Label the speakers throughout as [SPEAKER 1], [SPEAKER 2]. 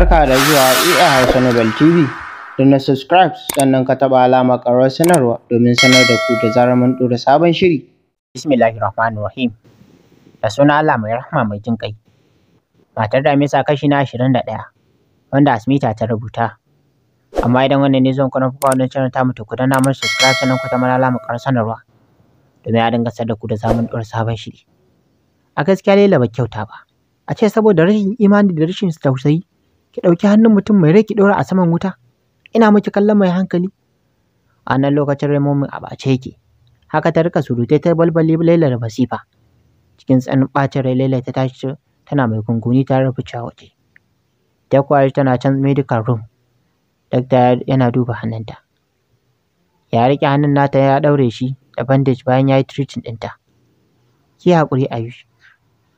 [SPEAKER 1] Barka da zuwa EA Hausa Nobel TV. Da na subscribe sannan ka taɓa alamar ƙarar sanarwa domin sanar da ku da zarar mun ɗora sabon shiri. Bismillahirrahmanirrahim. Da suna Allah mai rahama mai jin ƙai. Matar Damisa kashi na ashirin da ɗaya wanda Asmita ta rubuta. Amma idan wannan ne zan kuna fuka wannan channel ta mutu ku danna mun subscribe sannan ku taba alamar ƙarar sanarwa domin a dinga sanar da ku da zarar mun sabon shiri. A gaskiya lela ba kyauta ba. A ce saboda rashin imani da rashin tausayi ki ɗauki hannun mutum mai rai ki ɗora a saman wuta ina miki kallon mai hankali a nan lokacin raimomin a ɓace yake haka ta rika surutai ta balbali laila masifa cikin tsanin ɓacin rai laila ta tashi tana mai gunguni ta rufe waje ta kwari tana can medical room dakta yana duba hannunta ya riƙe hannun nata ya ɗaure shi da bandage bayan ya yi treating ɗinta ki haƙuri ayush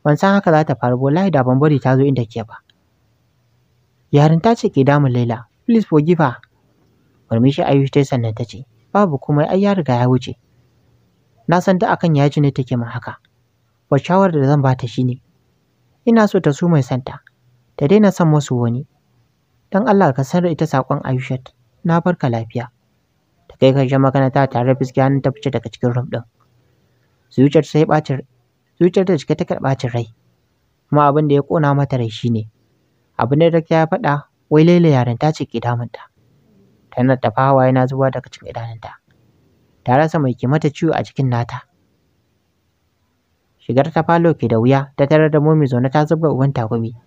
[SPEAKER 1] ban san haka za ta faru ba da ban bari ta zo inda ke ba Yarin ta ce ke damun Laila, please forgive her. Murmushi Ayush ta sannan ta ce, babu komai ai ya riga ya wuce. Na san da akan yaji ne take min haka. Ba shawarar da zan bata shine ina so ta su mai santa, ta daina san musu wani. Dan Allah ka sanar ita sakon Ayushat, na barka lafiya. Ta kai kan magana ta tare fiske hannun ta fice daga cikin rum ɗin. Zuciyar sai bacin zuciyar ta cike ta cin rai. Kuma abin da ya kona mata rai shine abu ne da ya faɗa wai laila yarinta ce ke damunta tana tafa hawa yana zuba daga cikin idanunta ta rasa mai ke mata ciwo a cikin nata shigar ta falo ke da wuya ta tarar da momi zaune ta zubga uban takumi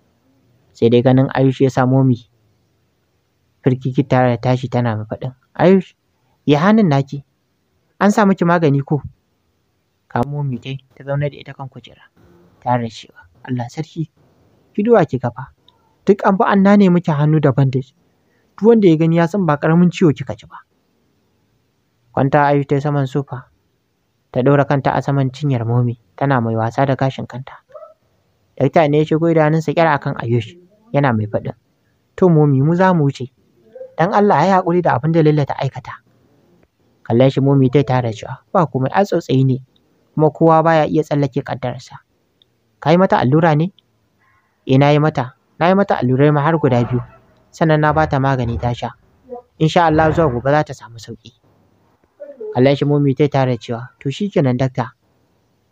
[SPEAKER 1] sai dai ganin ayush ya sa momi firkiki tare da tashi tana mai faɗin ayush ya hannun naki an sa miki magani ko kamo momi dai ta zauna da ita kan kujera ta cewa Allah sarki ki duwa kafa duk an bi an nane miki hannu da bandage duk wanda ya gani ya san ba karamin ciwo kika ji ba kwanta ayu ta saman sofa ta ɗaura kanta a saman cinyar momi tana mai wasa da gashin kanta dakta ne ya shigo idanunsa kyar akan ayush yana mai faɗin to momi mu za mu wuce dan Allah ya haƙuri da abin da Laila ta aikata kallon shi momi ta tare cewa ba komai a tsotsayi ne kuma kowa baya iya tsallake kaddararsa ka yi mata allura ne ina eh, yi mata na yi mata allurai ma har guda biyu sannan na bata magani ta sha insha Allah zuwa gobe za ta samu sauki Allah shi mummy tai tare cewa to shikenan dakta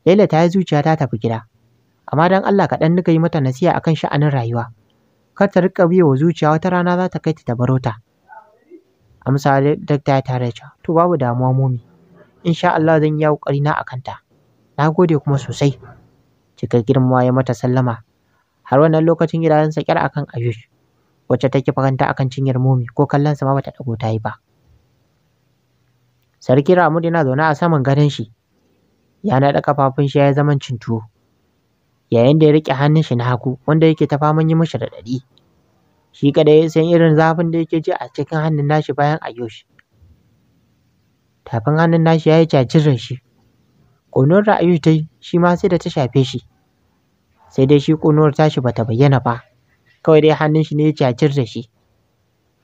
[SPEAKER 1] Laila ta yi zuciya ta tafi gida amma dan Allah ka dan nika yi mata nasiha akan sha'anin rayuwa kar ta rika biyewa zuciya wata rana za ta kai ta baro ta amsa dakta ya tare cewa to babu damuwa mummy insha Allah zan yi kokari na akan ta nagode kuma sosai cika girma ya mata sallama har wannan lokacin idanunsa kyar akan Ayush wacce take faranta akan cinyar momi ko kallon sa ma bata dago tayi ba sarki Ramud yana zaune a saman gadon shi ya naɗa kafafun shi ya zaman cin tuwo yayin da ya riƙe hannun shi na hagu wanda yake ta faman yi mishi raɗaɗi shi kadai san irin zafin da yake ji a cikin hannun nashi bayan Ayush tafin hannun nashi ya yi cacirin shi ƙonon ra'ayu ta shi ma sai da ta shafe shi sai dai shi kunuwar tashi bata bayyana ba kawai dai hannun shi ne ya cacir da shi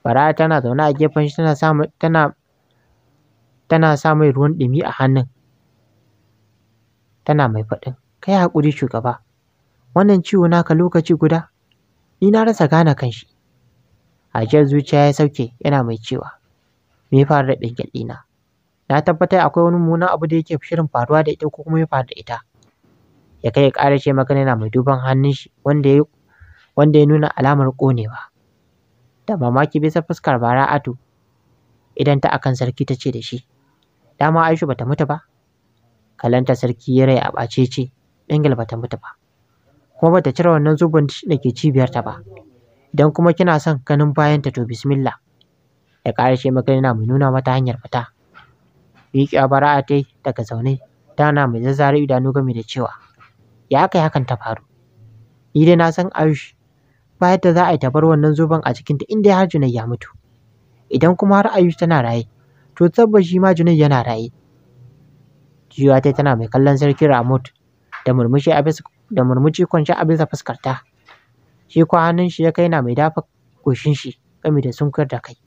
[SPEAKER 1] bara tana zaune a gefen shi tana samun tana tana sa mai ruwan ɗumi a hannun tana mai faɗin kai hakuri shugaba wannan ciwo naka lokaci guda ni na rasa gane kanshi ajiyar zuciya ya sauke yana mai cewa me ya faru da ɗinkin ɗina na tabbatar akwai wani mummunan abu da yake shirin faruwa da ita ko kuma ya faru da ita ya kai ya ƙara ce maka yana mai duban hannun shi wanda ya wanda ya nuna alamar ƙonewa da mamaki bisa fuskar bara'atu idan ta akan sarki ta ce da shi dama aishu bata mutu ba kalanta sarki ya rai a ɓace ce ingil bata mutu ba kuma bata cire wannan zubin da ke ta ba idan kuma kina son ganin bayanta to bismillah ya ƙara ƙarashe maka yana mai nuna mata hanyar fita miƙewa bara'a ta daga zaune tana mai zazzare idanu game da cewa ya aka yi hakan ta faru ni dai na san ayush ba yadda za a yi ta bar wannan zoben a cikinta inda dai har junai ya mutu idan kuma har ayush tana raye to tabbas shi ma junai yana raye jiwa tai tana mai kallon sarki ramot da murmushi a bisa da murmushi kwance a bisa fuskarta shi kwa hannun shi ya kai na mai dafa goshin shi gami da sunkar da kai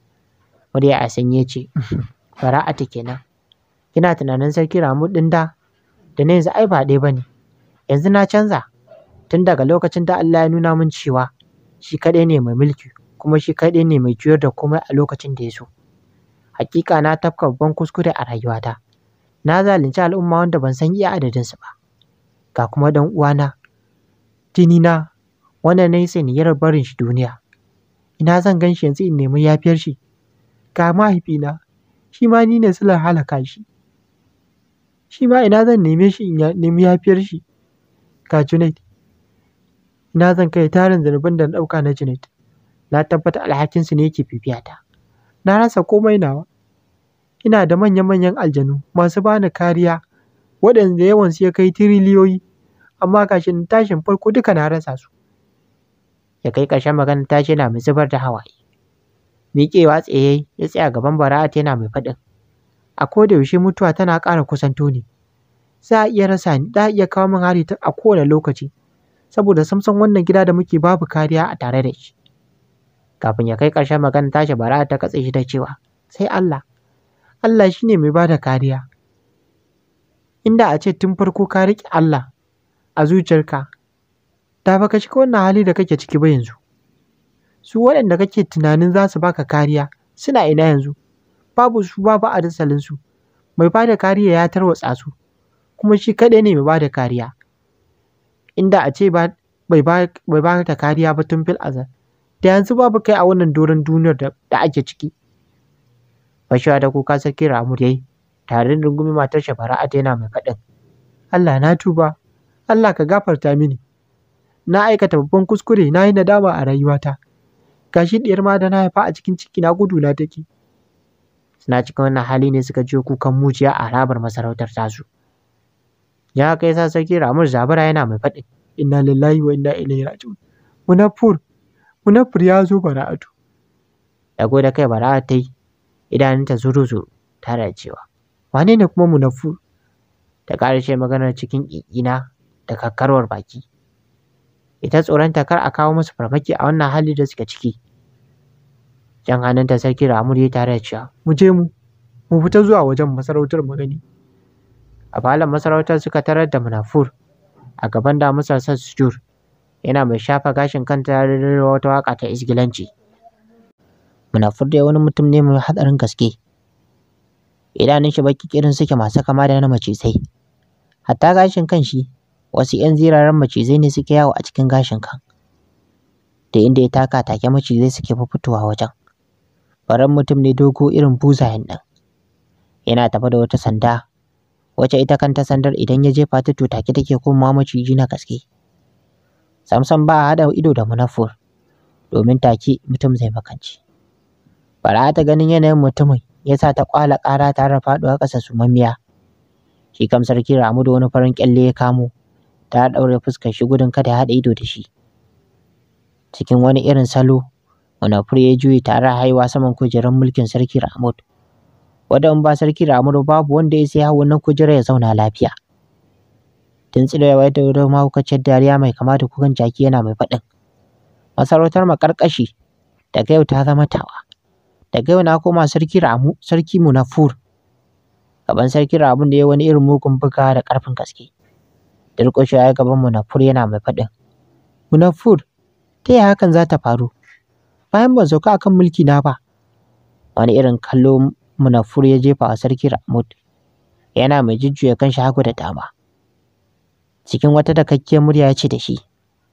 [SPEAKER 1] murya a sanye ce fara'ata kenan kina tunanin sarki ramo din da da na yanzu ai ba ɗaya ne. yanzu na canza tun daga lokacin da Allah ya nuna min cewa shi kaɗai ne mai mulki kuma shi kaɗai ne mai juyar da komai a lokacin da ya so hakika na tafka babban kuskure a rayuwata na zalunci al'umma wanda ban san iya adadinsu ba ga kuma dan uwana tinina wannan na yi saniyar barin shi duniya ina zan gan shi yanzu in nemi yafiyar shi ga mahaifina shi ma ni ne silar halaka shi shi ma ina zan neme shi in nemi yafiyar shi Ga Junaid, ina zan kai tarin zunubin da na ɗauka na Junaid, na tabbatar alhakin su ne yake fifiyata. Na rasa komai nawa, ina da manya-manyan aljanu masu bani kariya waɗanda yawansu ya kai tiriliyoyi, amma gashin tashin farko duka na rasa su. Ya kai ƙarshen maganar tashi yana mai zubar da hawaye. miƙewa tsaye ya tsaya gaban bara'at yana mai faɗin a koda yaushe mutuwa tana ƙara kusanto ne za a iya rasa ni za a iya kawo min hari a kowane lokaci saboda samson wannan gida da muke babu kariya a tare da shi kafin ya kai ƙarshen magana tashi bara ta katse shi da cewa sai Allah Allah shine mai bada kariya inda a ce tun farko ka riƙe Allah a zuciyarka da ka shiga wannan hali da kake ciki ba yanzu su waɗanda kake tunanin za su baka kariya suna ina yanzu babu su babu adasalinsu mai bada kariya ya tarwatsa su kuma shi kaɗai ne mai bada kariya inda a ce bai ba ta kariya ba tun fil azal da yanzu babu kai a wannan doron duniyar da ake ciki bashawa da kuka sarki ramur yayi tare da rungumi matar shafara a yana mai faɗin Allah na tuba Allah ka gafarta mini na aikata babban kuskure na yi nadama a rayuwata gashi ɗiyar ma da na haifa a cikin ciki na gudu na take suna cikin wannan hali ne suka jiyo kukan mujiya a harabar masarautar tasu ya kai sa sarki Ramus zabara yana mai faɗi inna lillahi wa inna ilaihi raji'un munafur munafur ya zo bara'atu ya gode kai bara'a ta yi idanunta zuru zuru tare cewa wane ne kuma munafur ta ƙarashe maganar cikin ƙiƙina da kakkarwar baki ita tsoronta kar a kawo musu farmaki a wannan hali da suke ciki jan ta sarki ramur ya tare da cewa mu je mu mu fita zuwa wajen masarautar magani. a falon masarautar suka tarar da munafur a gaban damusar sujur yana mai shafa gashin kanta da wata waka ta isgilanci munafur dai wani mutum ne mai hadarin gaske idanun shi baki kirin suke masu kama da na mace sai. hatta gashin kan shi wasu 'yan ziraren macizai ne suke yawo a cikin gashin kan da inda ya taka take macizai suke fitowa wajen faran mutum ne dogo irin buzayen nan yana tafa da wata sanda wacce ita kanta sandar idan ya jefa ta to take take komawa maciji na gaske samson ba a hada ido da munafur domin take mutum zai makanci bara ta ganin yanayin mutumin ya sa ta kwala ƙara tare da faɗuwa ƙasa sumammiya shi kam sarki ramu da wani farin kyalle ya kamo ta daure fuskar shi gudun kada ya hada ido da shi cikin wani irin salo munafur ya juye tare haiwa saman kujerar mulkin sarki Ramud. wadda ba sarki da babu wanda ya sai hau wannan kujera ya zauna lafiya tun tsirewa da wadda mahaukaciyar dariya mai kama da kukan jaki yana mai faɗin masarautar makarƙashi daga yau ta zama tawa daga yau na koma sarki ramu sarki munafur gaban sarki ramun da ya wani irin mugun buga da ƙarfin gaske durƙushe ya gaban munafur yana mai faɗin munafur ta yaya hakan za ta faru bayan ban sauka akan mulki na ba wani irin kallo munafur ya jefa a sarki ramud yana mai jujjuya kanshi hagu da dama. Cikin wata dakakkiyar murya ya ce da shi,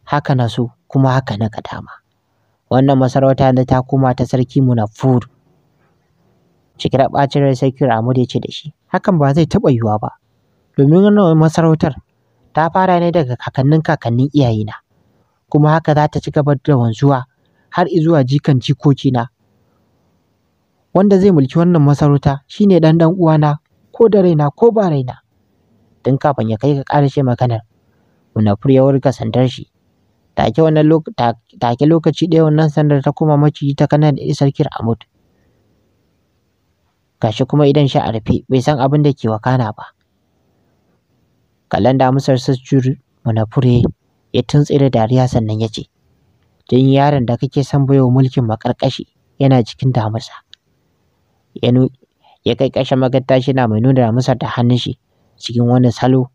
[SPEAKER 1] haka na so kuma haka na ka dama. Wannan masarauta na ta koma ta sarki munafur. Cikin rabacin rai sarki ramud ya ce da shi, hakan ba zai taɓa yiwuwa ba, domin wannan masarautar ta fara ne daga kakannin kakannin iyayena, kuma haka za ta ci gaba da wanzuwa har izuwa jikan jikokina wanda zai mulki wannan masarauta shine dan dan uwana ko da raina ko ba raina tun kafin ya kai ka ƙarashe maganar munafur ya sandar shi take wannan lokaci ɗaya wannan sandar ta koma maciji ta kanar da sarkin amut gashi kuma idan sha a rufe bai san abin da ke wakana ba Kalanda damusar sasjur munafure ya tuntse da dariya sannan ya ce jin yaron da kake son baiwa mulkin makarkashi yana cikin damusa ya kai ƙarshen shi na mai nuna masa da hannun shi cikin wani salo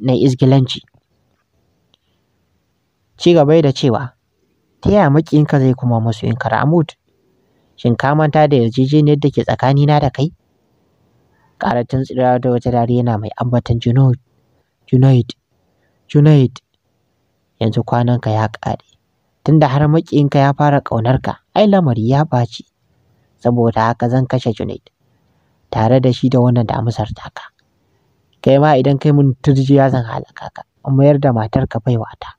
[SPEAKER 1] na izgilanci. Ci gaba da cewa, ta yaya maƙiyinka zai kuma musu in karamut? Shin ka manta da yarjejeniyar da ke tsakanina da kai? Ƙaratun tsira da wata dare yana mai ambatan Junaid. Junaid, Junaid, yanzu kwananka ya ƙare. Tunda har maƙiyinka ya fara ƙaunarka, ai lamari ya ɓaci. saboda haka zan kashe Junaid tare da shi da wannan damisar taka kai ma idan kai mun turjiya zan halaka ka in mayar da matar ka baiwa ta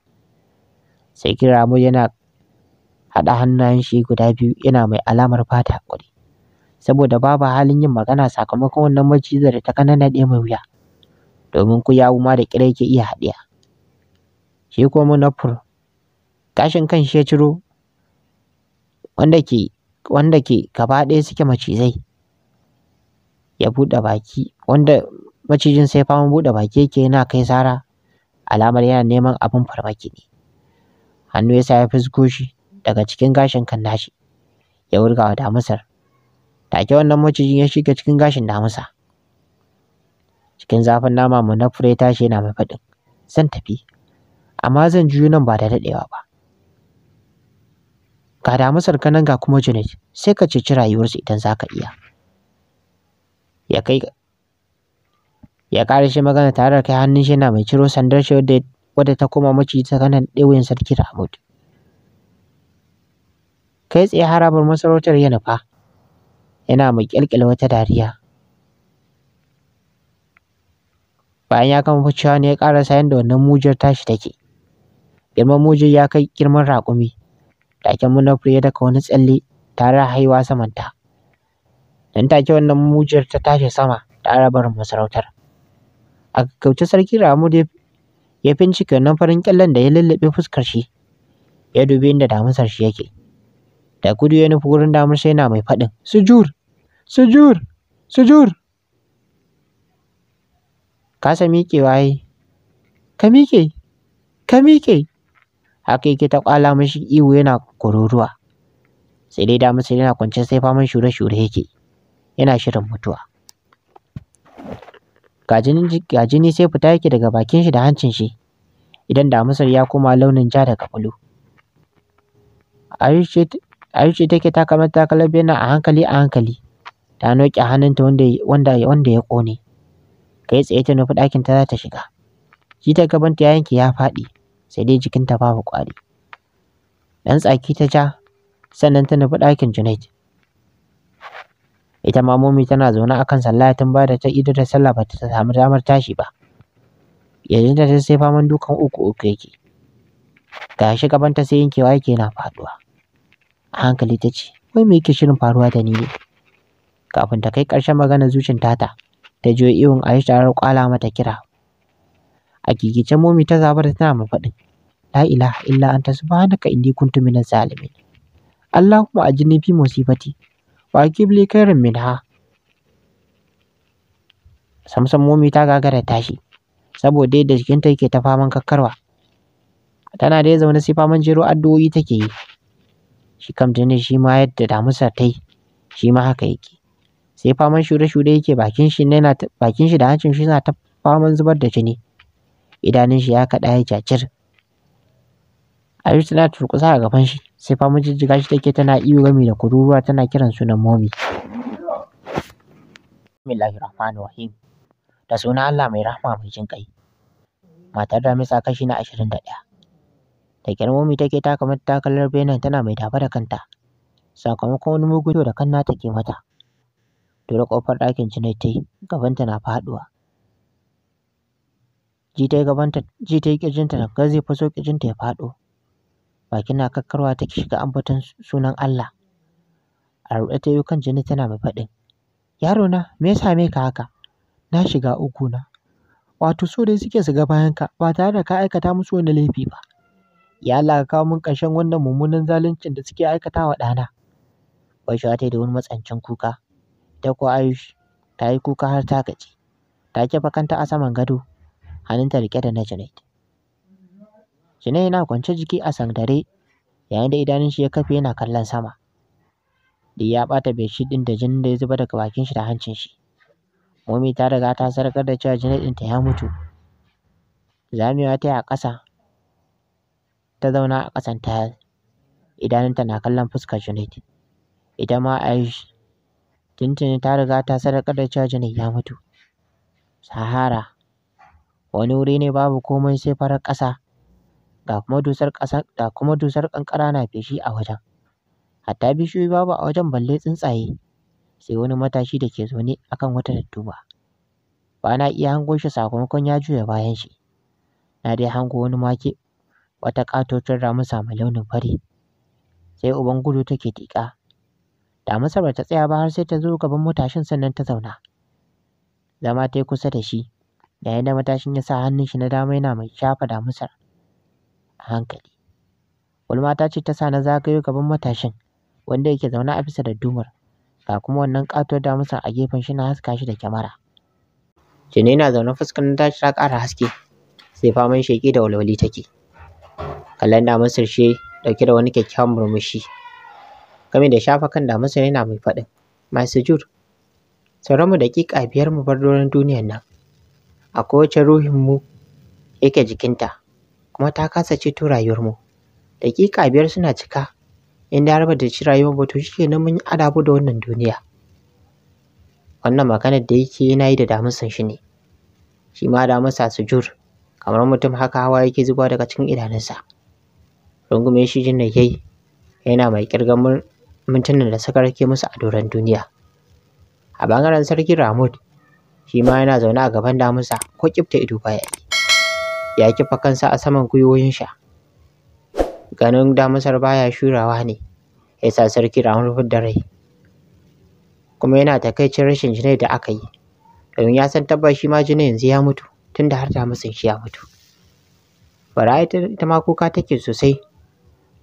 [SPEAKER 1] sai kiramu yana haɗa hannayen shi guda biyu yana mai alamar fata hakuri saboda babu halin yin magana sakamakon wannan macizar da ta kanana ɗaya mai wuya domin ku yawu ma da kira yake iya haɗiya shi ko munafur gashin kan shi ya ciro wanda ke wanda ke gaba ɗaya suke macizai ya buɗe baki wanda macijin sai fama buɗe baki yake yana kai sara alamar yana neman abin farmaki ne hannu ya sa ya fusko shi daga cikin gashin kan nashi ya wurga wa damisar take wannan macijin ya shiga cikin gashin damisa cikin zafin nama mu na fure tashi yana mai faɗin zan tafi amma zan juyo nan ba da daɗewa ba Ga damisar ka nan ga kuma Junaid, sai ka ceci rayuwarsa idan za ka iya. Ya kai ya ƙara shi magana tare da kai hannun shi yana mai ciro sandar shi wadda ta koma maci ta tsakanin ɗewayen sarki da Kai tsaye harabar masarautar ya nufa, yana mai ƙyalƙyala wata dariya. Bayan ya kama ficewa ne ya sayan yadda wannan mujiyar tashi take. Girman mujiyar ya kai girman raƙumi. ake muna ya daga wani tsalle tare da haiwa samanta nan take wannan mujiyar ta tashi sama da arabar masarautar a kauce sarki ramu da ya finci nan farin kyallen da ya lullube fuskar shi ya dubi inda damisar shi yake da gudu ya nufi wurin damar sai yana mai faɗin sujur sujur sujur kasa miƙewa yi ka miƙe ka miƙe haka yake ta kwala mashi ihu yana kururuwa sai dai damu sai yana kwance sai faman shure-shure yake yana shirin mutuwa ga jini sai fita yake daga bakin shi da hancin shi idan da damisar ya koma launin ja daga bulu ayushi take taka kalabe na a hankali a hankali ta noke hannunta wanda wanda ya kone kai tsaye ta nufi ɗakin ta za ta shiga shi ta gabanta ya yanke ya faɗi sai dai jikinta babu ƙwari ɗan tsaki ta ja sannan ta nufi ɗakin junaid ita ma momi tana zaune a kan sallah tun ba da ta ido da sallah ba ta samu damar tashi ba yanzu ta ta sai faman dukan uku uku yake gashi gabanta sai yankewa yake na faduwa a hankali ta ce wai me yake shirin faruwa da ni ne kafin ta kai ƙarshen magana zucin tata ta jiyo ihun Aisha ta kwala mata kira a gigice momi ta zabar tana mafaɗin la ilaha illa anta subhanaka inni kuntu minaz zalimin allahumma ajini fi musibati wa akibli khairan minha samsam momi ta gagara tashi saboda yadda ta yake ta faman kakkarwa tana dai zaune sai faman jero addu'o'i take yi shi kam tuni shi ma yadda damusa ta yi shi ma haka yake sai faman shure-shure yake bakin shi da hancin shi na ta faman zubar da jini idanun shi ya kaɗa ya jajir Aisha tana turkusa a gaban shi sai fama jijjiga shi take tana iyo gami da kururuwa tana kiran sunan momi Bismillahir Rahmanir Rahim da suna Allah mai rahma mai jin kai matar da misa kashi na 21 da kyar momi take kamar ta takalar benin tana mai dafa da kanta sakamakon wani mugun da kanna nata ke mata dora kofar ɗakin Junaid ta yi gabanta na faɗuwa ji ta yi gabanta ji ta yi ƙirjinta da zai faso ƙirjinta ya faɗo bakin na kakkarwa ta shiga ambaton sunan Allah a ruɗe ta yi kan jini tana mai faɗin yaro na me ya same ka haka na shiga uku na wato so dai suke su bayan ka ba tare da ka aikata musu wani laifi ba ya Allah ka kawo min ƙarshen wannan mummunan zaluncin da suke aikata wa ɗana Wai ta yi da wani matsancin kuka ta ko Ayush ta yi kuka har ta gaji ta kifa kanta a saman gado hannunta riƙe da na Junaid. Junaid yana kwance jiki a sandare. yayin da idanun shi ya kafe yana kallon sama. Duk ya ɓata shi ɗin da jinin da ya zuba daga bakin shi da hancin shi. Mummy ta riga ta sarƙar da cewa Junaid ɗinta ya mutu. Zamiya ta yi a ƙasa ta zauna a ƙasan tayal. Idanunta na kallon fuskar Junaid. Ita ma Aish tuntuni ta riga ta sarƙar da cewa Junaid ya mutu. Sahara wani wuri ne babu komai sai farar ƙasa ga kuma dusar ƙasa ga kuma dusar ƙanƙara na feshi a wajen hatta bishiyoyi babu a wajen balle tsuntsaye sai wani matashi da ke zaune akan wata dattuwa ba na iya hango shi sakamakon ya juya bayan shi na dai hango wani make wata ƙatoton ramusa mai launin fari sai uban gudu take tiƙa Da masa ta tsaya ba har sai ta zo gaban matashin sannan ta zauna zama ta kusa da shi yayin da matashin ya sa hannun shi na dama yana mai shafa damusar a hankali gulma ta ce ta sa na zagayo gaban matashin wanda yake zaune a bisa da dumar ga kuma wannan katuwar damisar a gefen shi na haska shi da kyamara jini na zaune fuskar ta ta ƙara haske sai faman sheƙi da walwali take kallon damisar shi ɗauke da wani kyakkyawan murmushi game da shafa kan damisar yana mai faɗin masu jur sauran mu daƙiƙa biyar mu bar doron duniyar nan akwai wacce ruhinmu yake jikinta kuma ta kasa ceto rayuwarmu daƙiƙa biyar suna cika in da har da ci rayuwar ba to shikenan mun adabu da wannan duniya wannan maganar da yake yana yi da damusan shi ne shi ma su sujur kamar mutum haka hawa yake zuba daga cikin idanunsa rungume shi jin da yayi yana mai kirgan mintunan da suka rake musu a doron duniya a bangaren sarki Ramud shi ma yana zaune a gaban damunsa ko kifta ido baya yi ya kifa kansa a saman gwiwoyin sha ganin damusar baya shurawa ne ya sa sarki ramin rufin da rai kuma yana takaicin rashin jinai da aka yi domin ya san tabbas shi ma jini yanzu ya mutu tunda har damusan shi ya mutu yi ta ma kuka take sosai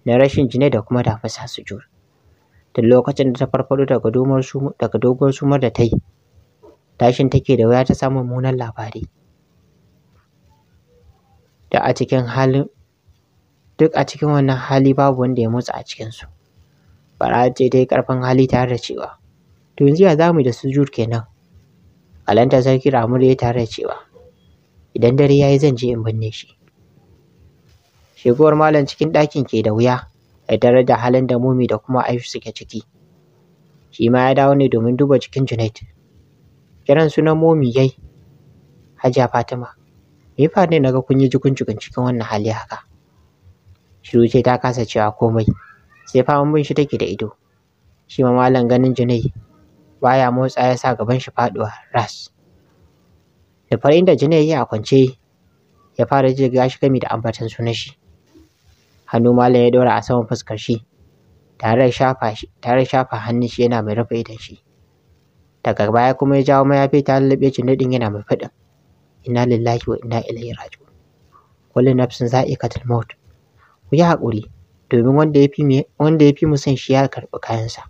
[SPEAKER 1] na rashin jinai da kuma damusa su jure tun lokacin da ta farfado daga dogon sumar da ta yi tashin take da wuya ta samu munan labari da a cikin halin duk a cikin wannan hali babu wanda ya motsa a cikinsu bara ce ta yi hali tare da cewa to yanzu ya za da sujud kenan alanta sarki ramur ya tare da cewa idan dare ya yi zan je in binne shi shigowar malam cikin ɗakin ke da wuya ya tare da halin da mumi da kuma aishu suke ciki Shima ya dawo ne domin duba jikin junaid kiran sunan momi yai hajiya fatima me fa ne naga kun yi jikun cikin wannan hali haka shiru ce ta kasa cewa komai sai fama bin shi take da ido shi ma malam ganin junai baya motsa ya sa gaban shi faduwa ras da fara inda junai ya kwance ya fara ji shi gami da ambatan sunan shi hannu malam ya dora a saman fuskar shi tare da shafa hannun shi yana mai rufe idon shi daga baya kuma ya jawo mayafi ta lullube shi nadin yana mai faɗin Ina lillahi wa inna ilaihi raji'un kullu nafsin za'iqatul maut ku yi haƙuri domin wanda ya fi mu wanda ya fi mu son shi ya karɓi kayansa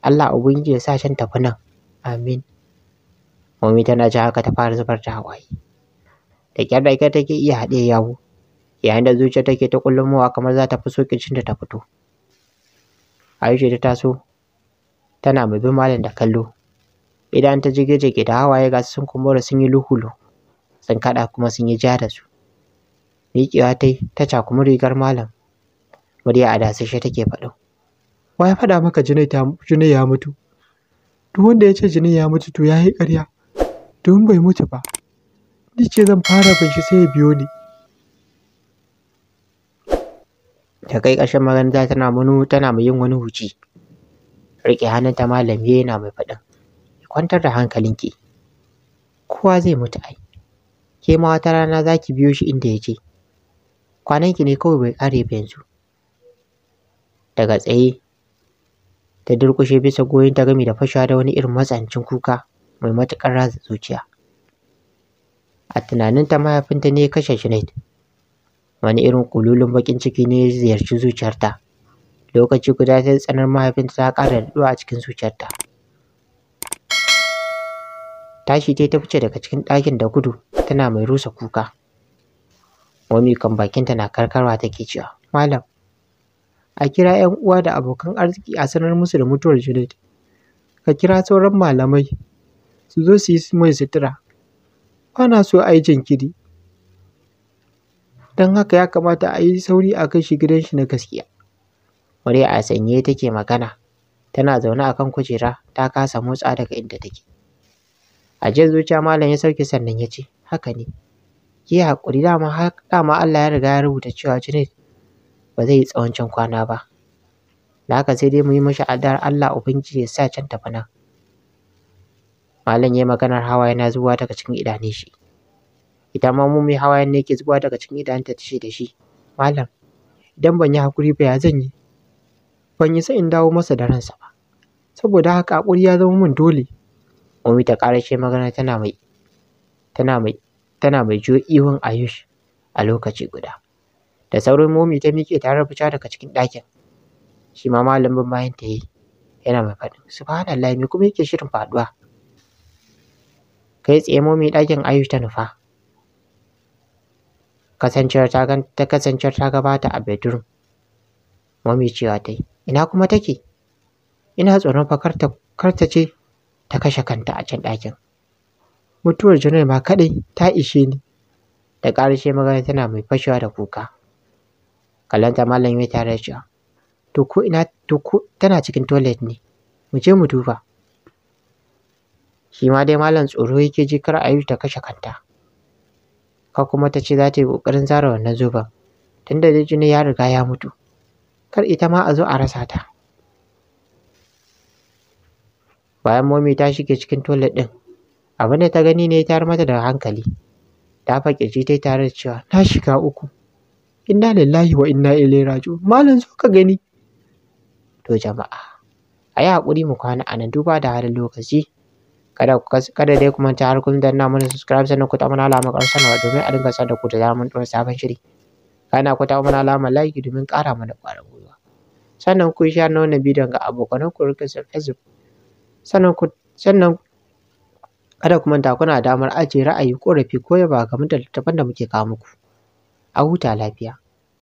[SPEAKER 1] Allah ubangiji ya sa shan tafi nan amin Mami tana ji haka ta fara zubar da hawaye da kyar da ita take iya haɗe yawo yayin da zuciya take ta kullumowa kamar za ta fi so da ta fito Aisha ta taso tana mai bin malam da kallo idan ta jige-jige da hawaye ga sun kumbura sun yi luhulu sun kaɗa kuma sun yi ja da su miƙewa ta yi ta cakumi rigar malam murya a dasashe take faɗo. wa ya faɗa maka jinai ya mutu duk wanda ya ce jini ya mutu to ya yi ƙarya domin bai mutu ba ni ce zan fara bin sai ya biyo ni ta kai ƙarshen makaranta tana mai yin wani huci riƙe hannunta malam yana mai faɗin kwantar da hankalin ki. kowa zai mutu ai ke ma wata rana za ki biyo shi inda ya je kwananki ne kawai bai ƙare ba yanzu daga tsaye ta durƙushe bisa goyon ta gami da fashewa da wani irin matsanancin kuka mai matuƙar ratsa zuciya a tunaninta mahaifinta ne ya kashe Sinead wani irin kululun baƙin ciki ne ya ziyarci zuciyarta lokaci guda sai tsanar mahaifinta ta ƙara daɗuwa a cikin zuciyarta tashi dai ta fice daga cikin ɗakin da gudu tana mai rusa kuka Wani kan bakinta na karkarwa take cewa malam a kira 'yan uwa da abokan arziki a sanar musu da mutuwar Juliet ka kira sauran malamai su zo su yi mai sutura Bana so a yi jinkiri don haka ya kamata a yi sauri a kai shi gidan shi na gaskiya murya a sanye take magana tana zaune a kan kujera ta kasa motsa daga inda take a jiya zuciya malam ya sauke sannan ya ce haka ne ki hakuri, dama dama Allah ya riga ya rubuta cewa Junaid ba zai yi tsawancin kwana ba da haka sai dai mu yi mashi addu'ar Allah ubangiji ya sa can tafi nan malam ya yi maganar hawaye na zuwa daga cikin idanun shi ita ma mu mai hawayen ne ke zuwa daga cikin idanunta ta ce da shi malam idan ban yi hakuri ba ya zan yi ban yi sa in dawo masa da ransa ba saboda haka hakuri ya zama min dole Momi ta ƙarashe magana tana mai tana mai tana mai jo ihun Ayush a lokaci guda. Da sauran momi ta miƙe ta da daga cikin ɗakin. Shi ma malamin bin bayan ta yi yana mai faɗin subhanallah me kuma yake shirin faɗuwa. Kai tsaye momi ɗakin Ayush ta nufa. Kasancewar ta ta kasancewar ta gabata a bedroom. Momi cewa ta yi ina kuma take? Ina tsoron fa kar ta ce ta kashe kanta a can ɗakin mutuwar janar ma kaɗai ta ishe ni da ƙarshe magana tana mai fashewa da kuka kallanta malam ya tare da to ko ina to ko tana cikin toilet ne mu je mu duba shi ma dai malam tsoro yake ji kar a ayu ta kashe kanta ka kuma ta ce za ta yi ƙoƙarin zara wannan zuban tunda dai jini ya riga ya mutu kar ita ma a zo a rasa ta bayan momi ta shige cikin toilet ɗin abin da ta gani ne ya tayar mata da hankali ta fakirci ta tare da cewa na shiga uku inna lillahi wa inna ilaihi raji'un malam zo ka gani to jama'a ayi hakuri mu kwana a nan duba da halin lokaci kada kada dai ku manta har kun danna mana subscribe sannan ku ta mana alamar ƙarar sanarwa domin a dinga sanar da ku da zaman don sabon shiri kana ku ta mana alamar like domin ƙara mana ƙwarin gwiwa sannan ku share na wannan bidiyon ga abokanan ku rika Facebook sannan ku sannan kada ku manta kuna damar ajiye ra'ayi ƙorafi ko yaba game da littattafan da muke kawo muku a huta lafiya